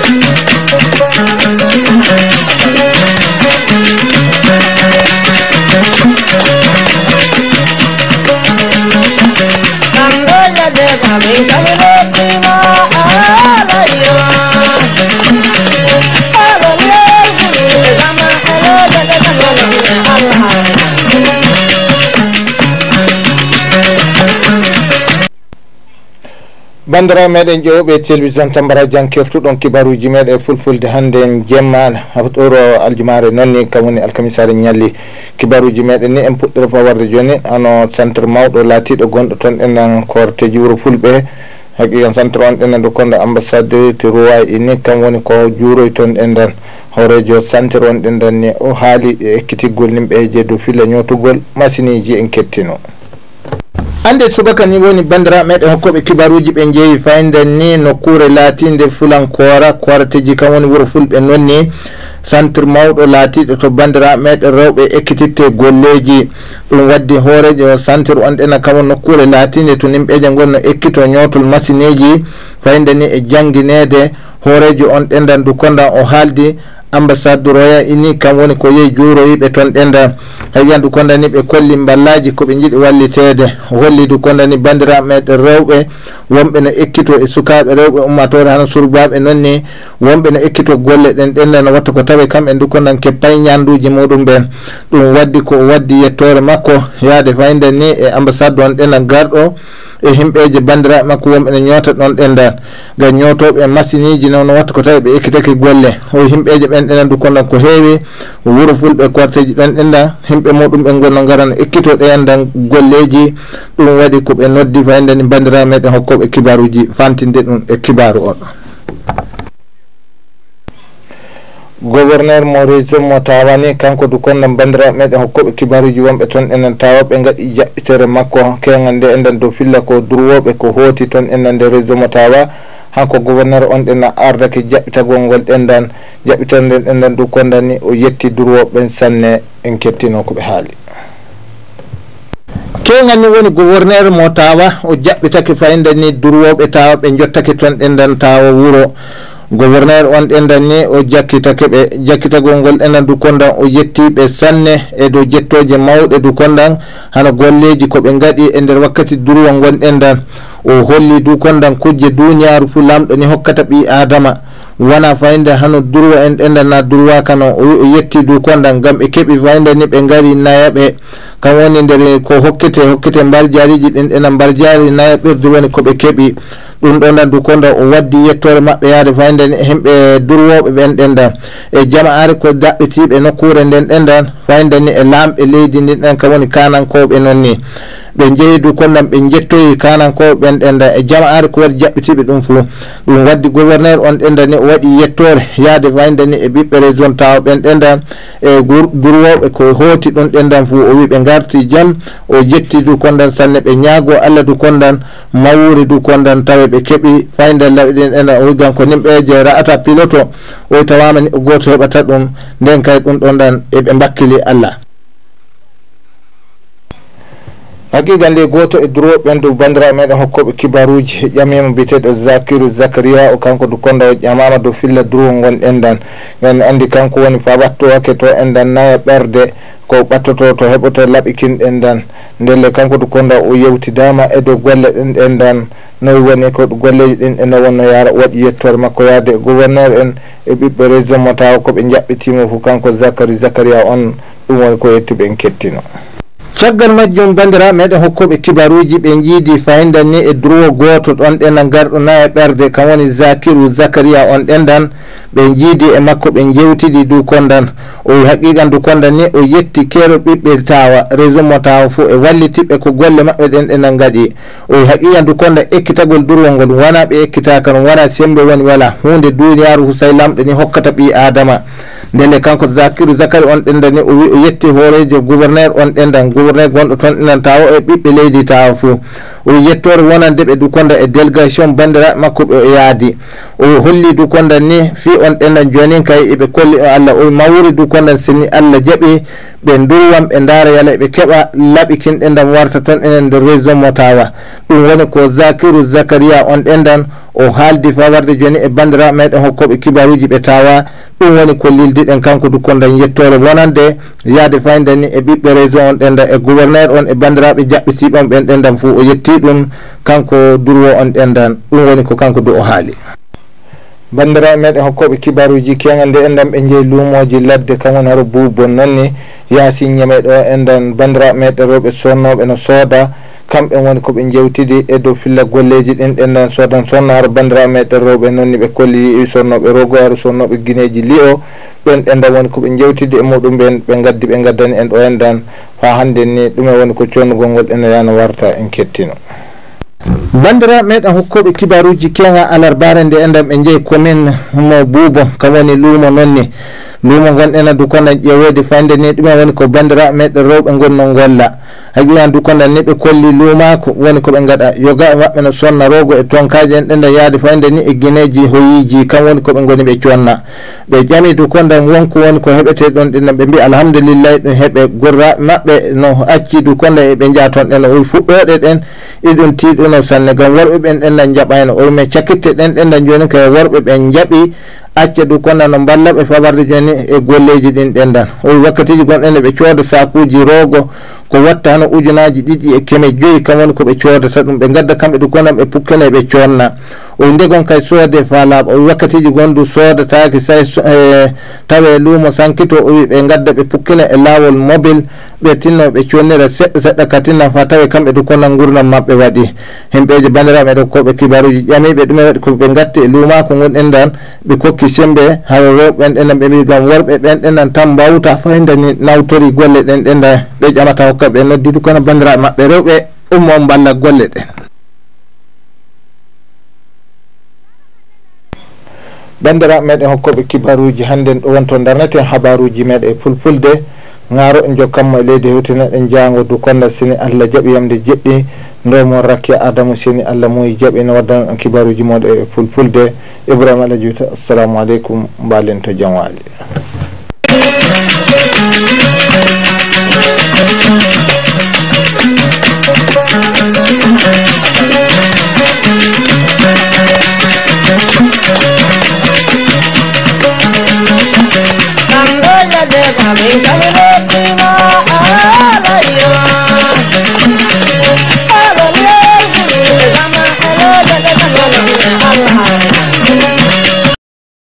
Thank you. bandiraɓe meɗen ƴewɓe télévision tambara jangkertuɗon kibaruji meɗen e fulfulde hannde en jemma oɗoro aljumare nonni kamwoni alkamisare ñalli kibaruji meɗen ni en puɗɗiro fa warde joni ano centre mawɗo laatiɗo gonɗo toon enen korte juuro fulɓe haqiqa centre on ɗenen ɗo konɗo ambassade to roway ini kam woni ko juuroy toon en den horejo centre on ɗen den ni o haali e ekkitiggol nimɓe je dow filla ñootugol masiniji en kettino hande subaka ni woni bandira meɗen hokkoɓe kibaruji ɓe jeewi fayidan ni nokkure latinde fulankora kwarateji kam woni wuuro fulɓe nonni centre mawɗo laatiɗo to bandira meɗen rewɓe ekkititte golleji ɗum waddi hooreji o centre on ɗena kamo nokkure laatinde to nimɓeje gon no ekkito ñootol macineji fayidan ni e jangguinede hooreji on ɗendan du kondan o haaldi ambassade du royal uni kam woni ko yehi juuroyiɓe toon ɓenda hayiyandu kondani ɓe kolli mballaji koɓe jiiɗi wallitede holli du kondani bandiraɓe meɗen rewɓe wonɓe no ekkito e sukaɓe rewɓe ummatore hano surbaɓe noon ni wonɓe no ekkito golle ɗen ɗenda no watta ko tawe kamɓe du kondan keppay ñanduji muɗum ɓen ɗum waddi ko waddi yettore makko yaade fayden ni e ambassade du on ɗenda garɗo e himɓeje bandiraɓe makko wonɓe ne ñoota ɗon ɗenda ga ñootoɓe masiniji nono watta ko tawi ɓe ekkitake golle o himɓeje ɓen ɗenan du konɗon ko heewi wuuro fulɓe korteji ɗon ɗenda himɓe muɗum ɓe gonno garan ekkito ɗeyandan golleji ɗum waɗi ko ɓe noddi fayndani bandiraɓe meɗen hokkoɓe kibaruji fantinde ɗum e kibaru oɗo gouverneur mo région mo tawa ni kanko du konnon bandiraɓe meɗen hokkoɓe kibaruji wonɓe toon enen tawa ɓe gaɗi jaɓɓitere makko kegal nde enen dow filla ko durwoɓe ko hooti toon enen nde région mo tawa hanko gouverneur on ɗen ardake jaɓɓitagol ngol ɗendan jaɓɓitere nden ɗendan du konda ni o yetti durwoɓeɓen sanne en kettino koɓe haali kegal ni woni gouverneur mo tawa o jaɓɓitake fayidani durwoɓe tawa ɓe jottake toon ɗendan tawa wuuro gouverneur on ɗendan ni o jakkitake ɓe jakkitagol ngol enen dukkondan o yetti ɓe sanne e dow jettoje mawɗe dukkondan hana golleji ko ɓe gaɗi e nder wakkati durwol ngon ɗendan o holli du gondan kujje duñaaru fu lamɗo ni hokkata ɓi adama wona fayde hano durwa en ɗendana durwa kano o yetti du gondan ngam ɓe keɓi fayde ni ɓe ngari nayaɓe kam woni nder ko hokkete hokkete mbarjariji ɗin ena mbarjari nayaɓirdu woni koɓe keɓi ɗum ɗonan du konda o waddi yettore maɓɓe yaade fayde ni hemɓe durwoɓe ɓen ɗendan e jama'are ko daɓɓitiɓe nokkure nden ɗendan fayde ni e lamɓe leydi ndin ɗen kam woni kanankoɓe noon ni ɓe jeehi du konnan ɓe jettoyi kanankoɓe ɗenda e jama'are ko waɗi jaɓɓitiɓe ɗum fo ɗum waddi gouverneur on ɗenda ni waɗi yettore yaade wayda ni e ɓiɓɓe région tawa ɓen ɗenda e durwoɓe ko hooti ɗon ɗendan fo o wi ɓe garti jaam o jetti du kondan sanne ɓe ñaago allah du kondan mawuri du kondan tawa ɓe keeɓi fayda laɓi ɗin ɗenda o wigan ko nimɓeje ra'ata pilote o o tawama ni o goto heɓata ɗum nden kay ɗum ɗon ɗan eɓe mbakkili allah haqiqa nde goto e droi ɓendo bandiraɓe meɗen hokkoɓe kibaruji ƴamima mbiyeteɗo zakir zacaria o kanko e do konda o ƴamama dow filla droi gon ɗendan gani andi kanko woni paɓatto wakke to enɗan naya ɓerde ko ɓattoto to heɓoto laaɓi kin ɗendan ndelle kanko do konda o yewtidama e dow golle ɗen ɗendan noyi woni ko ɗo golleji ɗin e nowonno yara waɗi yettore makko yaade e gouverneur en e ɓiɓɓe région mo tawa koɓe jaɓɓitimo fo kanko zacary zacaria on ɗum woni ko yettiɓe en kettino caggal majjum bandiraɓe meɗen hokkoɓe kibaruji ɓe jiidi fayidan ni e drowo goto ɗon ɗenna garɗo na e ɓerde kam woni zakiru zacaria on ɗendan ɓe jiidi e makko ɓe jewtiɗi du kondan o haqiqan du kondan ni o yetti kero ɓiɓɓe tawa réseau mo tawa fo e wallitiɓɓe ko golle maɓɓe ɗen ɗenan gaɗi o haqiqa du kondan ekkitagol durwol ngol wona ɓe ekkitaka no wona sembe woni wala hunde duniyaru husay lamɗe ni hokkata ɓi adama ndende kanko zakiru zakari on ɗendani o yetti hoorejo gouverneur on ɗendan gouverneur gonɗo toon ɗenan tawa e ɓiɓɓe leydi tawa fou o yettore wonande ɓe dukonda e délégation bandiraɓe makko ɓe yaadi o holli dukonda ni fi on ɗendan joni kay eɓe kolli o allah o mawri dukonda sini allah jaaɓi ɓe durwan ɓe daara yala ɓe keɓa laaɓi kinɗendan warta toon enen nder région mo tawa ɗum woni ko zakiru zacaria on ɗendan o haaldi fawarde joni e bandiraɓe meɗen hokkoɓe kibaruji ɓe tawa ɗum woni ko lildiɗen kanko dukkonɗen yettore wonande yaade fayde ni e ɓiɓɓe région on ɗenda e gouverneur on e bandiraɓe jaɓɓitiɓe on ɓen ɗendan fo o yetti ɗum kanko durwo on ɗendan ɗum woni ko kanko do o haali bandiraɓe meɗen hokkoɓe kibaruji kega nde endan ɓe jeeyi lumoji ladde kamwoni haro boubon noon ni yaasinñe meɗe o endan bandiraɓe meɗen rewɓe sonnoɓe no sooda kamɓe woni koɓe jewtidi e dow filla golleji ɗin ɗen nan sodan sonno har bandiraɓe meɗen rewɓe noon ni ɓe kolli sonnoɓe rogo ar sonnoɓe guineji li o ɗon ɗenda woni koɓe jewtidi e muɗum ɓen ɓe gaddi ɓe gaddani en ɗo endan fa hande ni ɗume woni ko connugol ngol ene yano warta en kettino bandiraɓe meɗen hokkoɓe kibaruji kenga alarbare nde endan ɓe jeeyi commune mo buubo kam woni luumo noon ni mbimo ganɗena dukona ƴewede fayde ni ɗumen woni ko bandiraɓe meɗe rewɓe gonno golla haqiya dukona ni ɓe kolli lumako woni koɓe gaɗa yogaɓe mabɓe no sonna rogo e tonkaji en ɗenda yaade fayde ni e guineji hoyiji kam woni koɓe goni ɓe conna ɓe ƴami dukonda wonko woni ko heɓete ɗon ɗina ɓe mbi alhamdulillahi ɗum heɓe gurraɓe mabɓe no acci dukonda e ɓe jaton ɗen o fuɗɗoɗe ɗen iɗum tiɗuno sanne gam worɓe ɓen ɗenda jaɓano oyume cakkitte ɗen ɗenda joni kay worɓe ɓen jaaɓi acca du kono no balla ɓe fabarde jani e golleji ɗin ɗendan o wi wakkatiji gonɗen ɓe cooda sakuji rogo ko watta hano ujunaji ɗiɗi e keme joyi kam woni koɓe codata ɗum ɓe gadda kamɓe du konan ɓe pukkene ɓe cotna o degon kay soode fa laaɓa wakkatiji gonɗu soodataki sa e, tawe luumo sankito o wi ɓe gadda ɓe pukkina e laawol mobile ɓe tinno ɓe connira seɗɗa seɗɗa ka tinna fa tawe kamɓe du konan gurnam maɓɓe waɗi himɓeji bandiraɓe ɗo koɓe kibaruji ƴamiɓe ɗume waɗi koɓe gatti e luumako gonɗen dan ɓe kokki sembe hay rewɓe ɓenɗen dan ɓe mbi gam worɓe ɓenɗen dan tan mbawta faydani nawtori golle ɗen ɗen dan ɓe ƴamata hokka ɓe noddi du kono bandiraɓe maɓɓe rewɓe ummo on balla golle ɗen bandiraɓe meɗen hokkoɓe kibaruji hannden ɗo wonto darneten habaruji meɗen e fulfulde gaaro en jokkanmo e leydi hewtineɗen jaango du konda sini allah jaɓi yamde jeɗɗi ndomon rakki adamu sini allah muyi jaɓi ne waddana ɗon kibaruji moɗo e fulfulde ibrahima alah juuta assalamu aleykum mbalen to jaam waali coming, coming up.